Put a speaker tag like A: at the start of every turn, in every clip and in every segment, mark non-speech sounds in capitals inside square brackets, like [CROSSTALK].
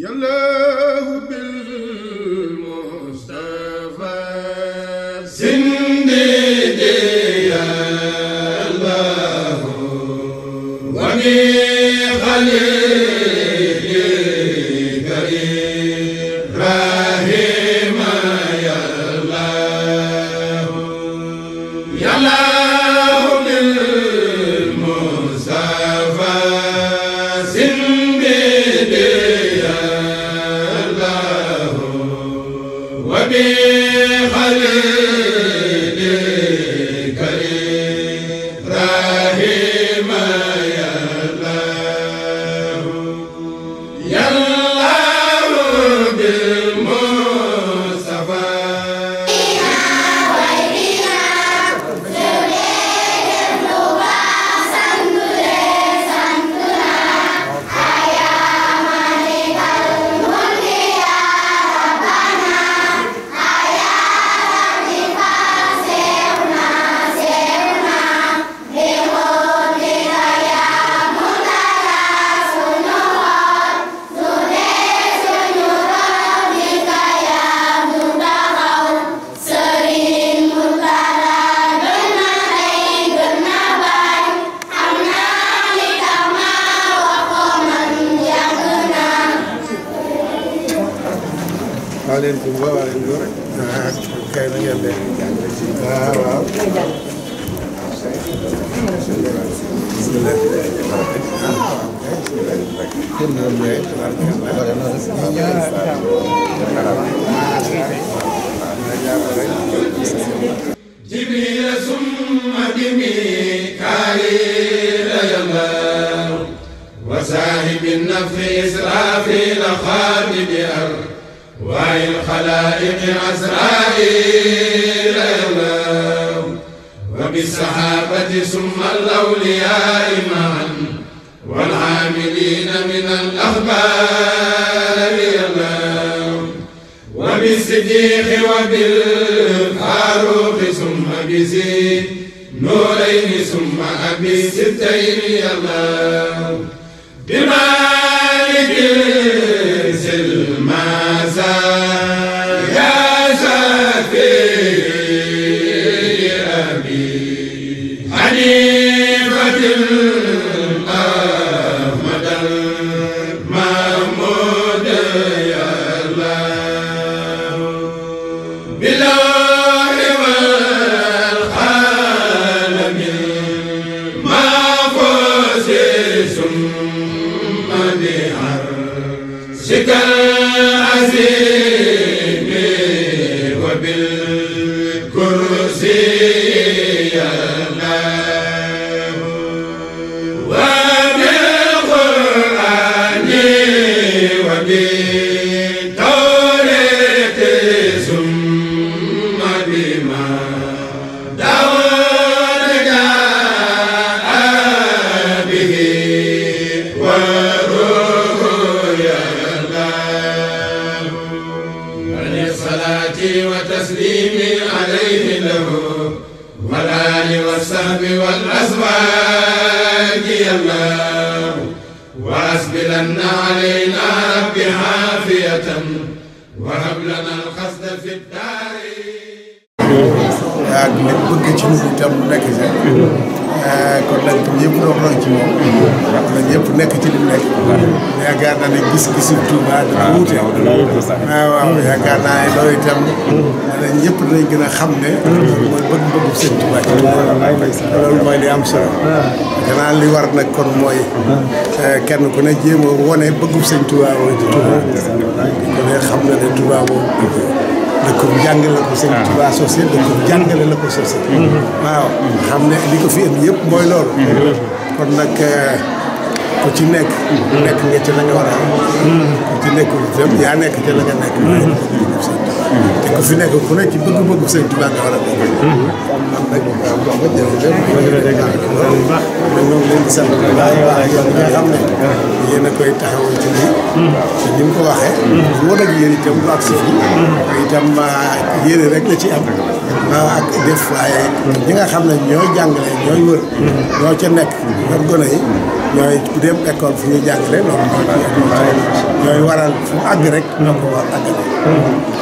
A: yàlla bi xale جبريل ثم بميكائيل يمار وساهم النفخ إسرافيل خادم أرواح الخلائق عزرائيل يمار وبالصحابة ثم الأولياء معا الأخبار اليمام وبالصديق وبالفاروق ثم بزي نورين ثم أبي ستين يمام بمالك
B: ci li mu nekk. yaakaar naa ne gis-gisu Touba dana ah, wuute. waaw ah, waaw gën a xam ne. mooy bëgg-bëggu seen Touba ci loolu mooy am solo. danaa li war nag kon mooy. Eh, kenn ku ne jéemoo a wane bëggu seen Touba mooy ci Touba. ku ne xam na jàngale la ko seen ah. Touba sosé jàngale la ko sosé mm-hmm. waaw xam ne li ko fi am yëpp mooy loolu mm-hmm. kon nag eh, ku ci nekk. nekk nga ci la nga war ku ci nekkul itam yaa nekk ci la nga nekk. ku fi nekk ku nekk ci bëgg-bëgg sëñ Tuubaa nga war a nekk. am nag waaw wax nga jërëjëf. jërëjëf baax ñoo ngi leen di sant bu baax yoon ne. yéen a koy taxawal ko waxee. bu ak yéen itam lu ak seen itam ah, yéen rek la ci am. waaw ak nga xam ne ñooy jàngale ñooy wër. ñoo ca nekk ñoom gone yi. ñooy dem école fu ñuy jàngale loolu mooy ci ñooy waral fu mu àgg rek ñoo ko war àggale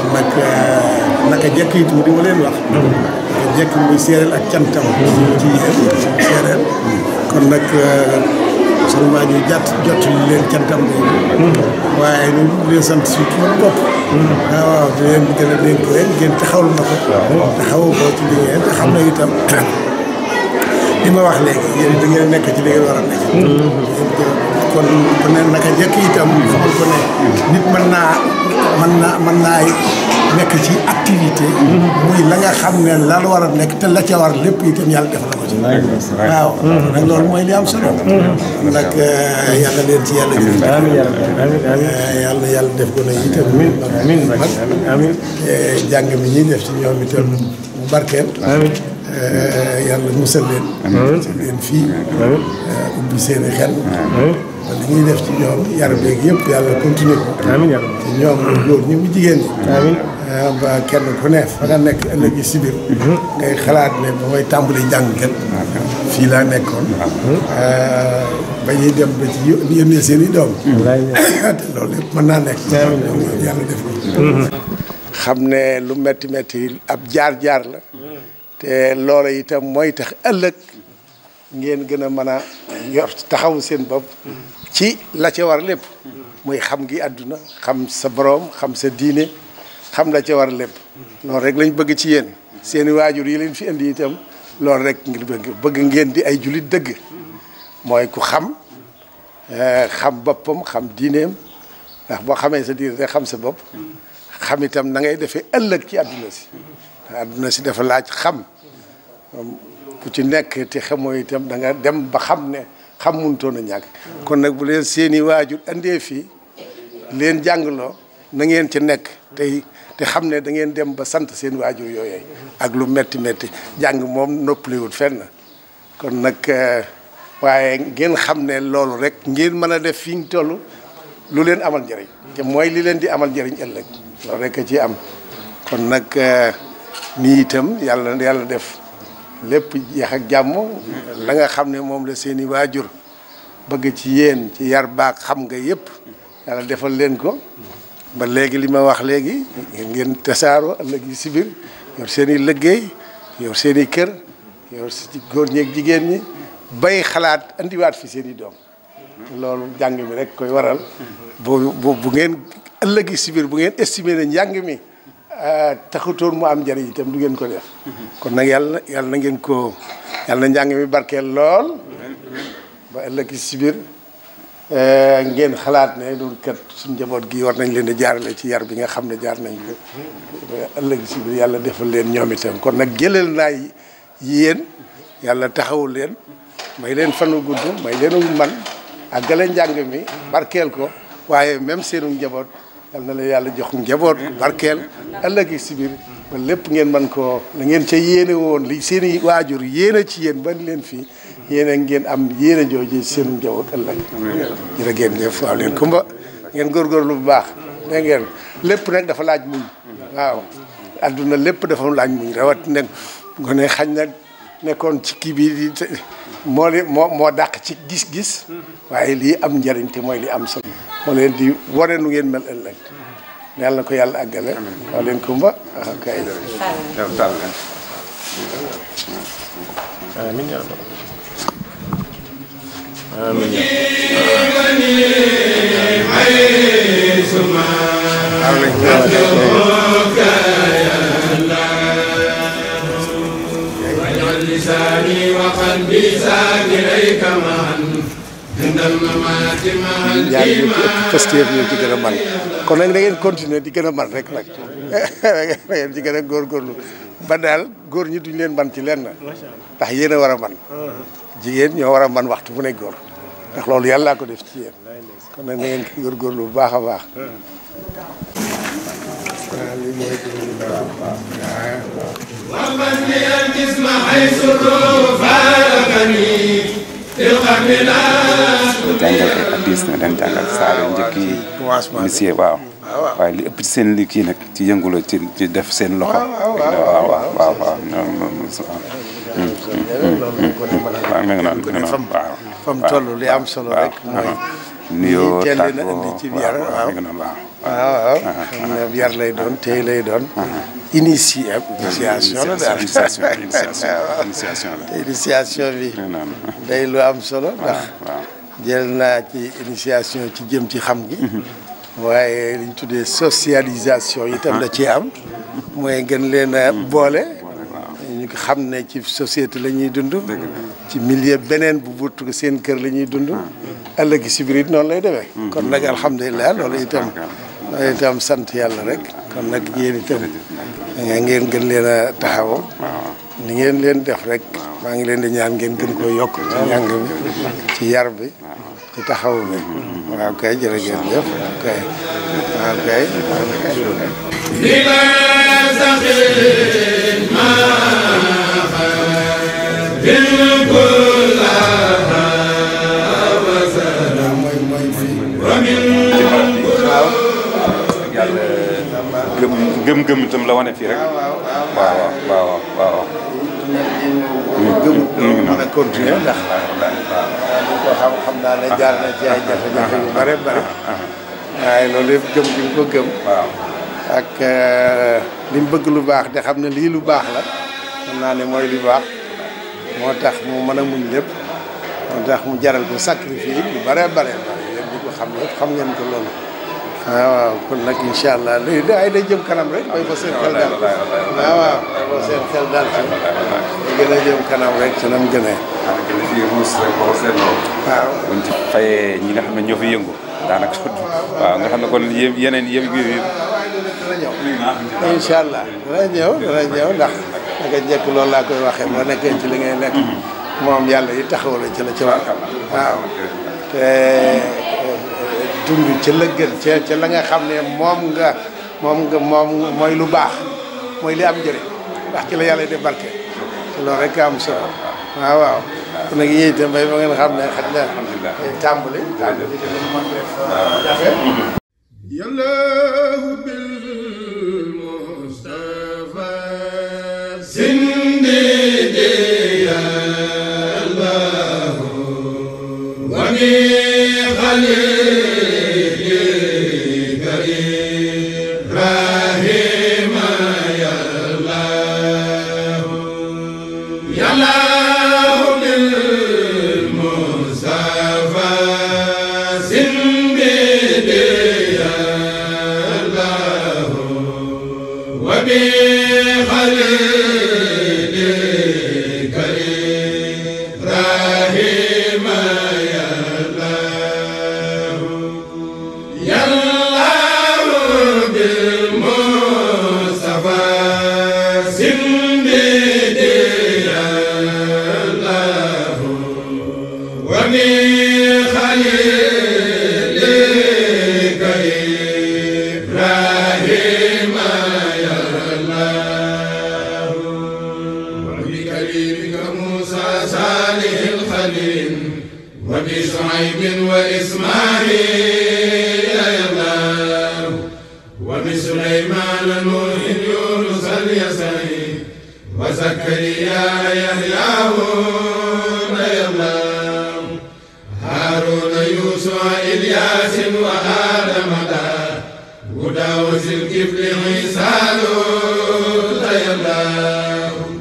B: kon nag euh, naka jekk it mu di ma leen wax naka jekk muy séeréel ak cantam ci yéen séeréel kon nag sunu maa ñu jàtt jot leen cantam boobu waaye ñu leen sant si suñu bopp waaw ah, waaw di leen gën a dénk rek ngeen taxawlu na ko taxawu ko ci liggéey te xam na itam li ma wax léegi yéen da ngeen nekk ci li ngeen war a nekk. kon ku ne naka njëkk itam. xamal ko ne nit mën naa mën naa mën naa nekk ci activité. muy la nga xam ne la la war a nekk te la ca war lépp itam yàlla def na ko ci. waaw nag loolu mooy li am solo. nag eh, yàlla leen ci yàlla jëf. amiin yàlla yàlla def ko eh, ne itam. amiin amiin eh, jàng mi ñuy def ci ñoom itam mu barkeel. amiin. Eh, yàlla musal leen. musal leen fii. Eh, ubbi seen i xel. ba li ñuy def ci ñoom yar beeg yëpp yàlla continué ko. ci ñoom góor ñi mu jigéen ñi. amiin eh, ba kenn ku ne fa nga nekk ëllëg yi si biir. Mhm. ngay xalaat ne ba may tàmbali jàng kenn. fii laa nekkoon. Mhm. ba ñuy dem ba ci yónnee seen i mhm. [COUGHS] mën naa nekk. amiin yàlla def ko. xam ne lu metti metti ab jaar jaar la. te loola itam mooy tax ëllëg ngeen gën a mën a yor taxawu seen bopp ci la ca war lépp muy xam ngi àdduna xam sa boroom xam sa diine xam la ca war lépp loolu rek lañ bëgg ci yéen seeni waajur yi leen fi indi itam loolu rek ngir bëgg bëgg ngeen di ay jullit dëgg mooy ku xam eh, xam boppam xam diineem ndax boo xamee sa diine rek xam sa bopp xam itam na ngay defee ëllëg ci àdduna si àdduna si dafa laaj xam ku ci nekk te xamoo itam da nga dem ba xam ne xam mënutoon a ñàkk. kon nag bu leen seeni waajur andee fii leen jàngaloo na ngeen ci nekk tey te xam ne da ngeen dem ba sant seen waajur yooyee. ak lu metti metti jàng moom noppaliwul fenn kon nag eh, waaye ngeen xam ne loolu rek ngeen mën a def fii ñu tollu lu leen amal njëriñ. te mooy li leen di amal njëriñ ëllëg. loolu rek a ci am kon nag. Eh, nii itam yàlla yàlla def lépp jeex ak jàmm la nga xam ne moom la seeni waajur bëgg ci yéen ci yar baak xam nga yépp yàlla defal leen ko ba léegi li ma wax léegi ngeen tasaaroo ëllëg yi sibir biir yor seen i liggéey yor seeni kër yor si góor ñeeg jigéen ñi bay xalaat indiwaat fi seen i doom loolu jàng mi rek koy waral bu bu bu ngeen ëllëg yi si biir bu ngeen estimé na njàng mi Euh, taxutoon mu am njëriñ itam du ngeen ko def kon nag yàlla yàlla na ngeen ko yàlla njàng mi barkeel lool ba ëllëg si biir euh, ngeen xalaat ne loolu suñ njaboot gi war nañ leen di jaarale ci yar bi nga xam ne jaar nañ ko ëllëg si yàlla defal leen ñoom itam kon nag jëlal naa yéen yàlla taxawul leen may leen fanu gudd may leen man ak gale njàng mi barkeel ko waaye même seenu njaboot yal na la yàlla jox njaboot barkeel ëllëg si biir ba lépp ngeen man koo la ngeen ca yéene woon li seen i waajur yéene ci yéen ban leen fii yéene ngeen am yéene jooju seen njaboot ëllëg jërë ngeen jëf waaw leen kumba ngeen góorgóorlu bu baax dégg ngeen lépp nag dafa laaj muñ waaw adduna lépp dafa laaj muñ rawat nag gone xañ nag nekkoon ci kii bi di moo leen moo moo ci gis-gis waaye lii am njariñ te mooy li am solo moo leen di wane nu ngeen mel ëllëg yàlla na ko yàlla àggale waaw leen kumba ah, kay amiin yaa rabbal aalamiin
A: amiin الإحسان إليك معا man
B: kon nag da ngeen continuer di gën a man rek nag da ngeen ci gën a góorgóorlu ba daal góor ñi duñ leen man ci lenn ndax yéen a war a man jigéen ñoo war a man waxtu bu ne góor ndax loolu yàllaa ko def ci yéen kon nag da ngeen ci góorgóorlu baax a baax ñu jàngal ay addis ñu jàngal saar yu njëkk yi. commencement waaw. li ëpp ci seen li kii nag ci yëngula ci ci def seen loxo. waaw waaw waaw waaw waaw. waaw li am solo nuyoo tàggoo ci biir waaw waaw waaw ah, ah, ah. yar lay doon tey lay doon. initié initiation la daal initiation la initiation bi. day lu am solo ndax. jël naa ci initiation ci jëm ci xam gi. Mhm. waaye ñu tuddee socialisation itam da ci am. mooy gën leen a mhm. boole. ñu xam ne ci société lañuy ñuy dund. ci milieu beneen bu butt seen kër la ñuy dund. ëllëg si biir noonu lay demee. Mm-hmm. kon nag alhamdulilah loolu itam loolu sant yàlla rek. kon nag yéen itam nga ngeen gën leen a taxawoo. ni ngeen leen def rek. maa ngi leen di ñaan ngeen gën koo yokk ci yar bi ci taxaw bi. Mm-hmm. waaw kay jërëjëf jëf kay waaw kay.
A: maa
B: gëm-gëm itam la wane fii rek. waaw waaw waaw waaw. ndax. ko xam mm, mm, mm, xam naa ne jaar na ci ay ah, ah, ah, jafe-jafe yu bare bare. waaye loolu yëpp gëm gi ko gëm. waaw euh, bëgg lu baax de xam ne lii lu baax la. xam naa ni mooy lu baax. moo tax mu mën a muñ lépp. moo tax mu jaral ko sacrifice lu bare bare bare yëpp ñu ko xam yëpp xam ngeen ko loolu. waaw ah, waaw kon nag incha allah léegi day day jëm kanam rek mooy ba seen xel daal ah, waaw waaw ba seen xel daal ci gën a jëm kanam rek ci nam gënee ah, waaw buñ ci fayee ñi nga xam ne ñoo fi yëngu daanaka waaw nga xam ne kon yë yeneen yëpp ñëw incha allah dana ñëw dana ñëw ndax naka njëkk loolu laa koy waxee boo nekkee ci li ngay nekk mm-hmm. moom yàlla yi taxaw la ci la ci wax waaw te dund ca la nga xam ne moom nga moom mooy lu baax mooy li am njëriñ wax ci la yàlla barke te loolu rek am solo waaw waaw kon nag yéen itam bay ba ngeen xam ne xaj na tàmbali tàmbali te lu mën def euh, jafe
A: yàlla Xalil وزكريا يحيى ويمنام هارون يوسف إلياس وآدم دا وداوس الكفل عيسى تيمنام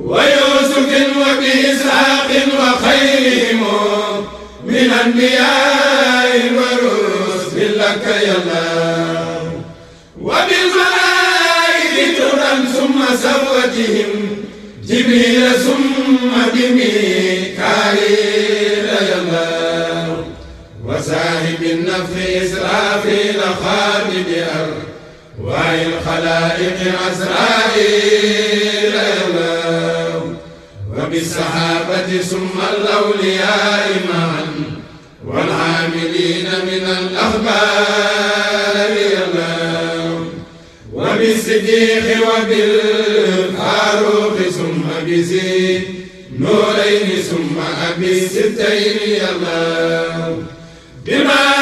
A: ويوسف وبإسحاق وخيرهم من أنبياء بهم جبريل ثم بميكائيل يمار وساهم النفخ إسرافيل خادم أرواح الخلائق عزرائيل يمار وبالصحابة ثم الأولياء معا والعاملين من الأخبار بالصديق وبالفاروق ثم بزي نورين ثم أبي ستين يا الله بما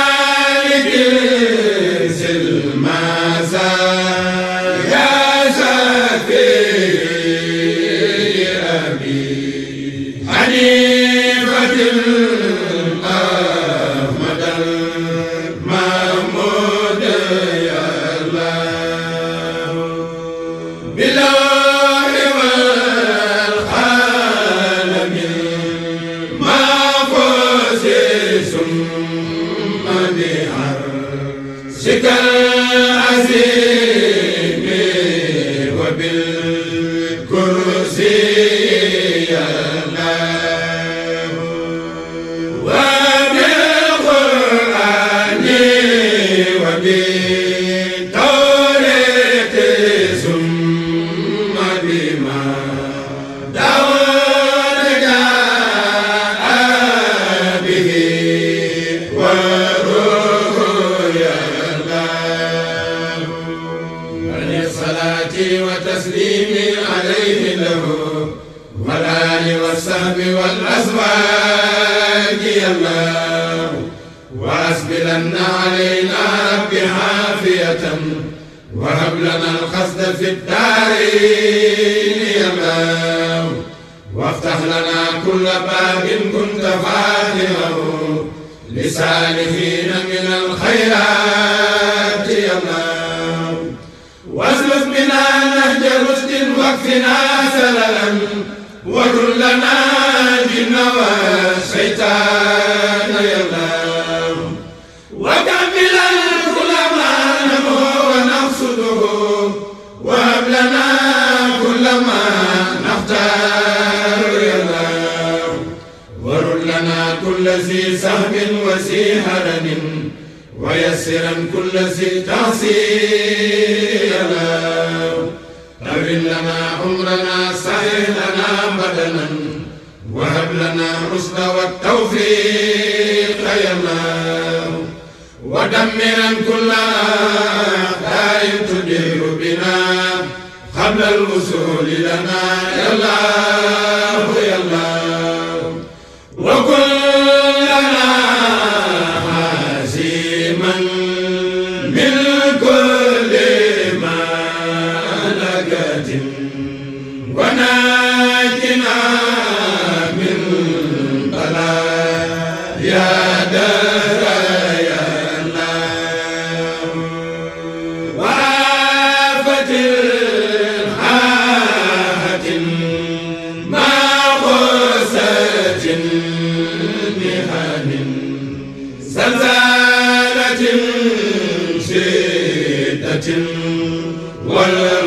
A: والسهب والأزواج يا الله وأسبلن علينا رب عافية وهب لنا القصد في الدارين يا الله وافتح لنا كل باب كنت فاتحه لسالفين من الخيرات يا الله واسلك بنا نهج رشد واكفنا سللا وكن لنا جنا وشيطان يا الله وكمل العلماء ونقصده وهب لنا كل ما نختار يا الله ورد لنا كل ذي سهم وذي هرم ويسرا كل ذي تعصي يا الله نور لنا عمرنا سهل لنا بدنا وهب لنا الرشد والتوفيق يا الله ودمرا كل دائم تدير بنا قبل الوصول لنا يا الله ولا